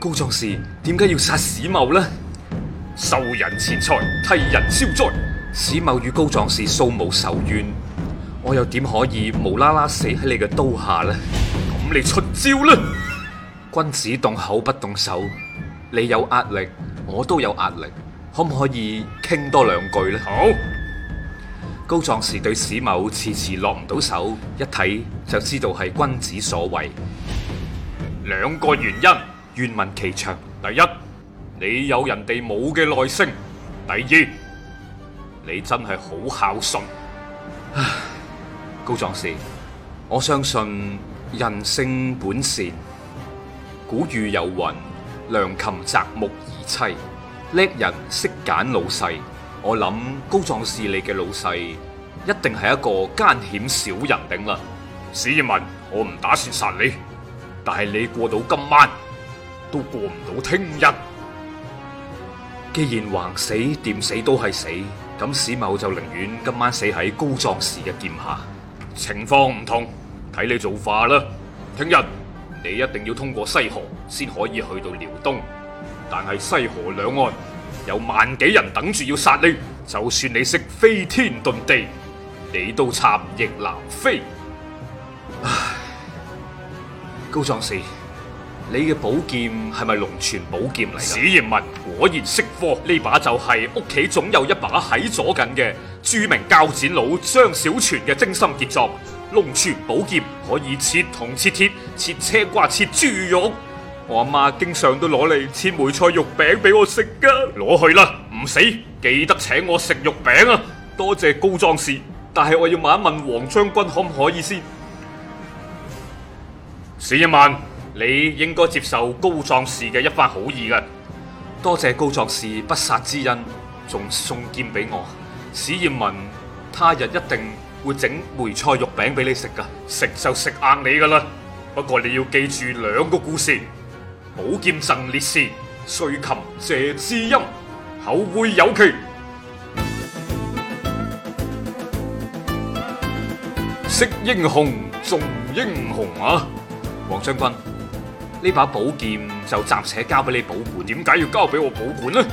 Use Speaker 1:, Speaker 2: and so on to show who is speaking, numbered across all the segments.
Speaker 1: 高壯士點解要殺史某呢？受人錢財，替人消災。史某與高壯士素無仇怨，我又點可以無啦啦死喺你嘅刀下呢？咁你出招啦！君子動口不動手，你有壓力，我都有壓力，可唔可以傾多兩句呢？好，高壯士對史某遲遲落唔到手，一睇就知道係君子所為。兩個原因。願聞其詳。第一，你有人哋冇嘅耐性；第二，你真係好孝順。唉，高壯士，我相信人性本善。古語有云：良禽擇木而棲，叻人識揀老細。我諗高壯士你嘅老細一定係一個奸險小人頂啦。史艷文，我唔打算殺你，但係你過到今晚。都過唔到聽日。既然橫死掂死都係死，咁史某就寧願今晚死喺高壯士嘅劍下。情況唔同，睇你造化啦。聽日你一定要通過西河，先可以去到遼東。但係西河兩岸有萬幾人等住要殺你，就算你識飛天遁地，你都插翼難飛。唉，高壯士。你嘅寶劍係咪龍泉寶劍嚟？史豔文，果然識貨，呢把就係屋企總有一把喺左近嘅著名鉸剪佬張小泉嘅精心傑作。龍泉寶劍可以切銅、切鐵、切青瓜、切豬肉。我阿媽經常都攞嚟切梅菜肉餅俾我食噶。攞去啦，唔死，記得請我食肉餅啊！多謝高壯士，但係我要問一問黃將軍可唔可以先？史豔文。你應該接受高壯士嘅一番好意㗎，多謝高壯士不殺之恩，仲送劍俾我。史艷文，他日一定會整梅菜肉餅俾你食噶，食就食硬你噶啦。不過你要記住兩個故事，寶劍贈烈士，碎琴謝知音，後會有期。識英雄，重英雄啊，黃將軍。呢把寶劍就暫且交俾你保管，點解要交俾我保管呢？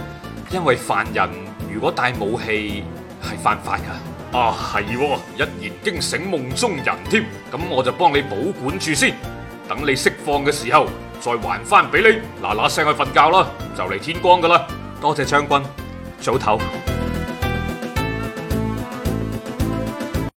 Speaker 1: 因為犯人如果帶武器係犯法噶，啊係喎，一言驚醒夢中人添，咁我就幫你保管住先，等你釋放嘅時候再還翻俾你，嗱嗱聲去瞓覺啦，就嚟天光噶啦，多謝將軍，早唞。